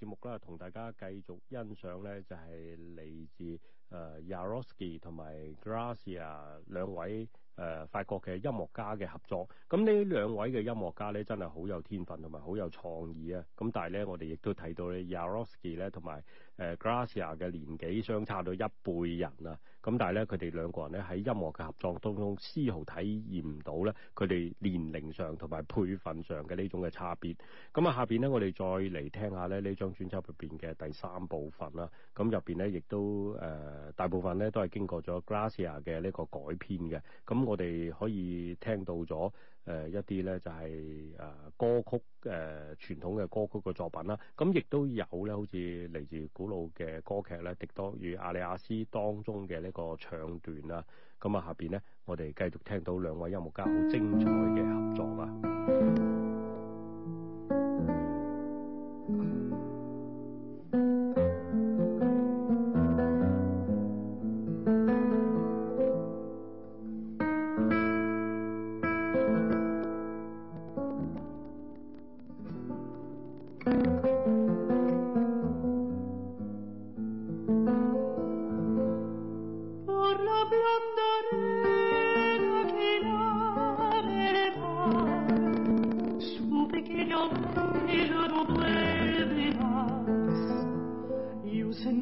節目啦，同大家繼續欣賞咧，就係、是、嚟自誒 Yaroski 同埋 Gracia 兩位誒、呃、法國嘅音樂家嘅合作。咁呢兩位嘅音樂家咧，真係好有天分同埋好有創意啊！咁但係咧，我哋亦都睇到咧 Yaroski 咧同埋。誒，Glassa 嘅年紀相差到一輩人啊，咁但係咧，佢哋兩個人咧喺音樂嘅合作當中，絲毫體驗唔到咧，佢哋年齡上同埋輩份上嘅呢種嘅差別。咁啊，下邊咧，我哋再嚟聽下咧呢張專輯入邊嘅第三部分啦。咁入邊咧，亦都誒，大部分咧都係經過咗 Glassa 嘅呢個改編嘅。咁我哋可以聽到咗。誒、呃、一啲咧就係、是、誒、呃、歌曲誒傳、呃、統嘅歌曲嘅作品啦，咁亦都有咧好似嚟自古老嘅歌劇咧《狄多與阿里亞斯》當中嘅呢個唱段啦，咁啊下邊咧我哋繼續聽到兩位音樂家好精彩嘅合作啊。